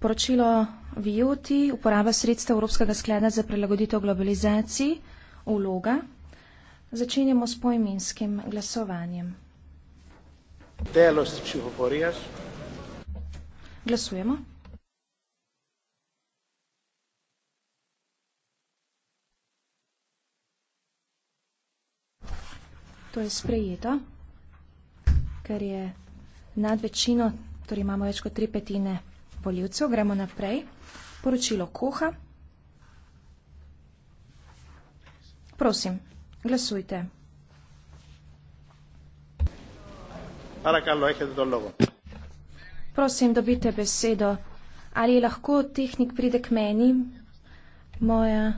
Poročilo VIOTI, uporaba sredstev Evropskega skleda za prilagoditev globalizaciji, vloga. Začenjamo s pojminskim glasovanjem. Delo se če govorijas. Glasujemo. To je sprejeto, ker je nad večino, torej imamo več kot tri petine voljivcev. Gremo naprej. Poročilo Koha. Prosim, glasujte. Prosim, dobite besedo. Ali lahko tehnik pride k meni? Moja,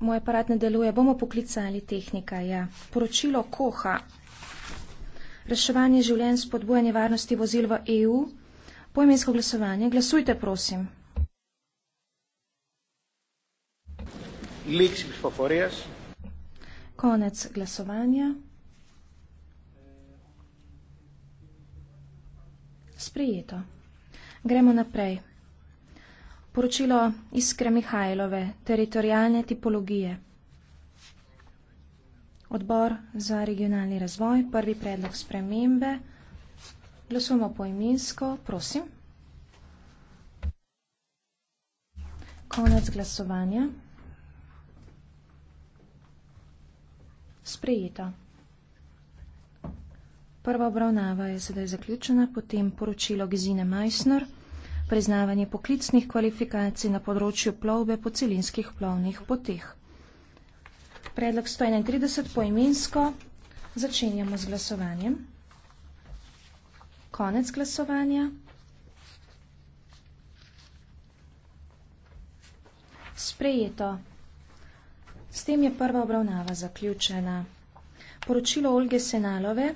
moj aparat ne deluje. Bomo poklicali tehnika. Ja. Poročilo Koha. Reševanje življenj spodbujanje varnosti vozil v EU poimensko glasovanje. Glasujte, prosim. Konec glasovanja. Sprijeto. Gremo naprej. Poročilo Iskre Mihajlove, teritorijalne tipologije. Odbor za regionalni razvoj, prvi predlog spremembe. Glasujemo poimensko, prosim. Konec glasovanja. Sprejeta. Prva obravnava je sedaj zaključena, potem poročilo Gizine Meissner, priznavanje poklicnih kvalifikacij na področju plovbe po celinskih plovnih poteh. Predlog 131 poimensko. Začenjamo z glasovanjem konec glasovanja. Sprejeto. S tem je prva obravnava zaključena. Poročilo Olge Senalove,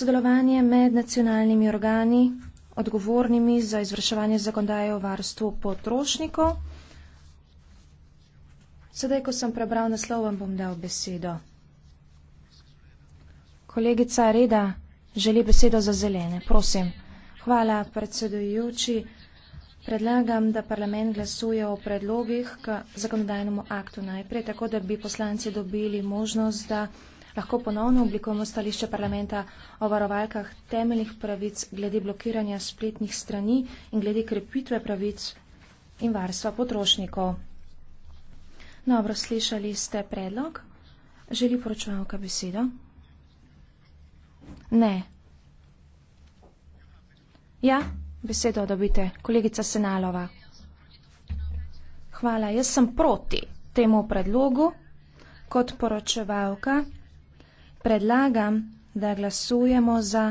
sodelovanje med nacionalnimi organi, odgovornimi za izvrševanje zakondaje o varstvu potrošnikov. Sedaj, ko sem prebral naslov, vam bom dal besedo. Kolegica Reda, Želi besedo za zelene. Prosim. Hvala, predsedujoči. Predlagam, da parlament glasuje o predlogih k zakonodajnemu aktu najprej, tako da bi poslanci dobili možnost, da lahko ponovno oblikujemo stališče parlamenta o varovalkah temeljnih pravic glede blokiranja spletnih strani in glede krepitve pravic in varstva potrošnikov. Dobro, slišali ste predlog. Želi poročevalka besedo? Ne. Ja, besedo dobite, kolegica Senalova. Hvala, jaz sem proti temu predlogu. Kot poročevalka predlagam, da glasujemo za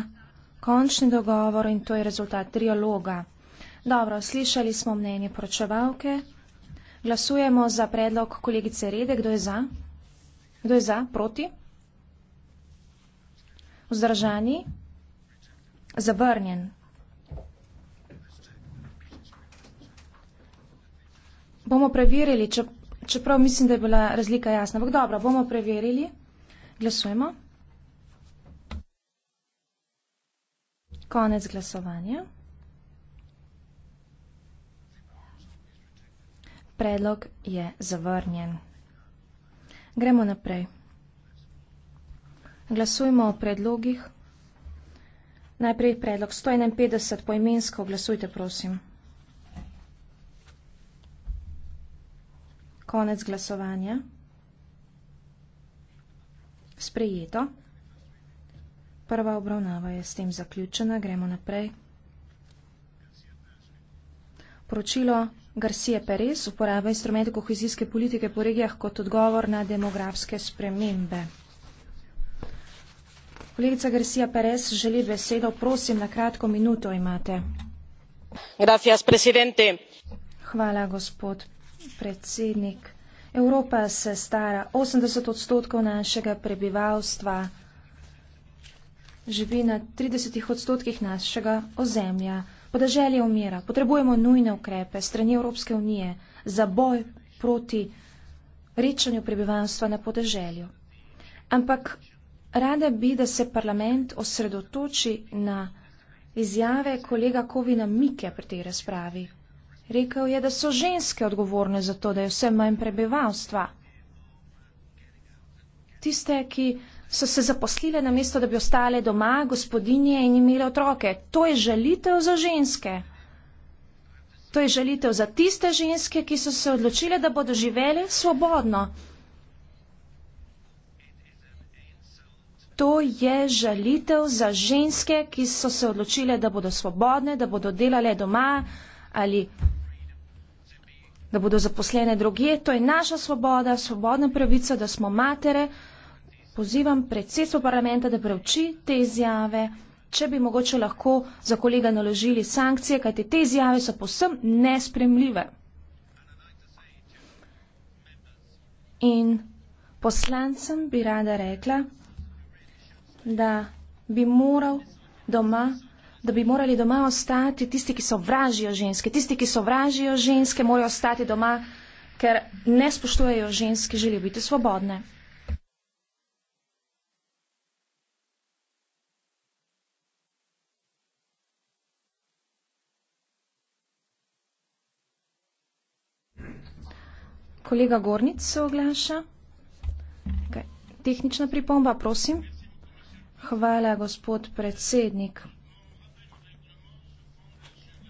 končni dogovor in to je rezultat trialoga. Dobro, slišali smo mnenje poročevalke. Glasujemo za predlog kolegice Rede. Kdo je za? Kdo je za? Proti? Vzdržani? Zavrnjen. Bomo preverili, čeprav mislim, da je bila razlika jasna. Vak dobro, bomo preverili. Glasujemo. Konec glasovanja. Predlog je zavrnjen. Gremo naprej. Glasujmo o predlogih. Najprej predlog 151 poimensko. Glasujte, prosim. Konec glasovanja. Sprejeto. Prva obravnava je s tem zaključena. Gremo naprej. Poročilo Garcia Perez uporaba instrumente kohezijske politike po regijah kot odgovor na demografske spremembe. Kolegica Garcia Perez želi besedo. Prosim, na kratko minuto imate. Gracias, presidente. Hvala, gospod predsednik. Evropa se stara. 80 odstotkov našega prebivalstva živi na 30 odstotkih našega ozemlja. Podeželje umira. Potrebujemo nujne ukrepe strani Evropske unije za boj proti rečanju prebivalstva na podeželju. Ampak Rada bi, da se parlament osredotoči na izjave kolega Kovina Mike pri tej razpravi. Rekel je, da so ženske odgovorne za to, da je vse manj prebivalstva. Tiste, ki so se zaposlile na mesto, da bi ostale doma, gospodinje in imele otroke. To je žalitev za ženske. To je žalitev za tiste ženske, ki so se odločile, da bodo živele svobodno. To je žalitev za ženske, ki so se odločile, da bodo svobodne, da bodo delale doma ali da bodo zaposlene drugje. To je naša svoboda, svobodna pravica, da smo matere. Pozivam predsedstvo parlamenta, da preuči te izjave, če bi mogoče lahko za kolega naložili sankcije, kajte te izjave so posem nespremljive. In poslancem bi rada rekla, da bi moral doma da bi morali doma ostati tisti, ki sovražijo ženske. Tisti, ki sovražijo ženske, morajo ostati doma, ker ne spoštujejo ženske, želijo biti svobodne. Kolega Gornic se oglaša. Tehnična pripomba, prosim. Hvala, gospod predsednik.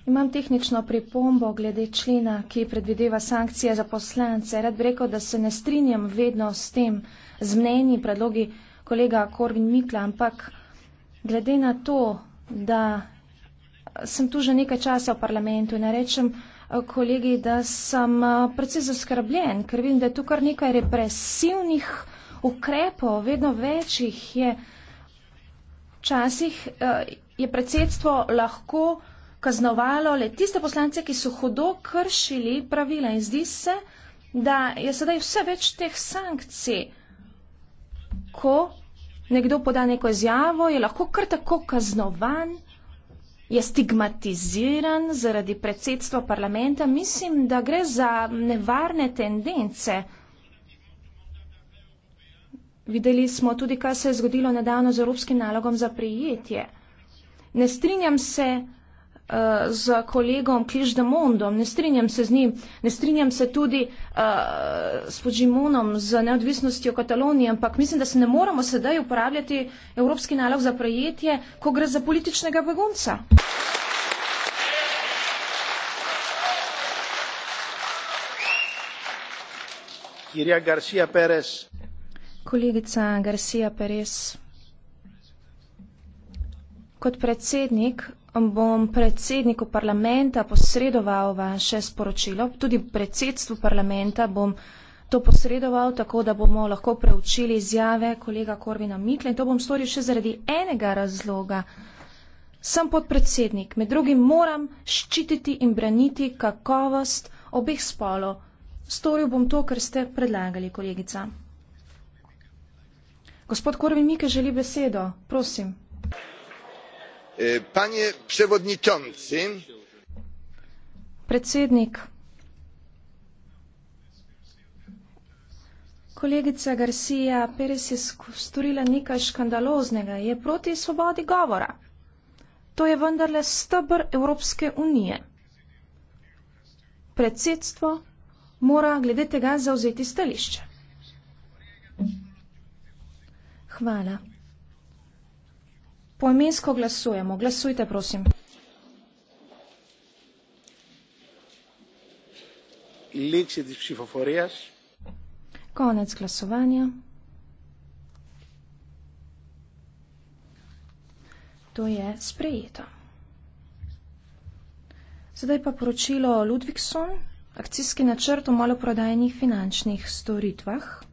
Imam tehnično pripombo glede člena, ki predvideva sankcije za poslance. Rad bi rekel, da se ne strinjam vedno s tem, z mnenji, predlogi kolega Korvin Mikla, ampak glede na to, da sem tu že nekaj časa v parlamentu in rečem eh, kolegi, da sem eh, predvsem zaskrbljen, ker vidim, da je tu kar nekaj represivnih ukrepov, vedno večjih je. Včasih eh, je predsedstvo lahko kaznovalo le tiste poslance, ki so hudo kršili pravila in zdi se, da je sedaj vse več teh sankcij. Ko nekdo poda neko izjavo, je lahko kar tako kaznovan, je stigmatiziran zaradi predsedstva parlamenta. Mislim, da gre za nevarne tendence. Videli smo tudi, kaj se je zgodilo nedavno z evropskim nalogom za prijetje. Ne strinjam se uh, z kolegom Kliždemondom, ne strinjam se z njim, ne strinjam se tudi uh, s Podžimonom z neodvisnostjo Katalonije, ampak mislim, da se ne moramo sedaj uporabljati evropski nalog za prijetje, ko gre za političnega begunca. Kirja Garcia Perez. Kolegica Garcia Perez. Kot predsednik bom predsedniku parlamenta posredoval vaše sporočilo. Tudi predsedstvu parlamenta bom to posredoval, tako da bomo lahko preučili izjave kolega Korvina Mikla. In to bom storil še zaradi enega razloga. Sem podpredsednik, med drugim moram ščititi in braniti kakovost obeh spolov. Storil bom to, kar ste predlagali, kolegica. Gospod Korvin Mikke želi besedo. Prosim. E, panie przewodniczący. Predsednik. Kolegica Garcia Perez je storila nekaj škandaloznega, je proti svobodi govora. To je vendarle stebr Evropske unije. Predsedstvo mora glede tega zauzeti stališče. Hvala. Poimensko glasujemo. Glasujte, prosim. Konec glasovanja. To je sprejeto. Zdaj pa poročilo Ludvikson, akcijski načrt o maloprodajnih finančnih storitvah.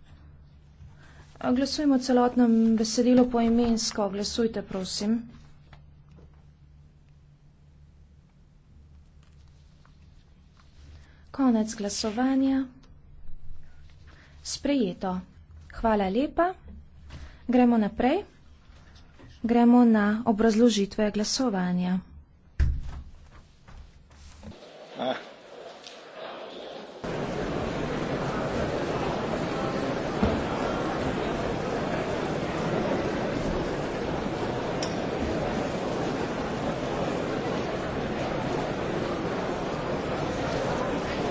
Glasujemo celotnem besedilo po imensko. Glasujte, prosim. Konec glasovanja. Sprejeto. Hvala lepa. Gremo naprej. Gremo na obrazložitve glasovanja. Ah.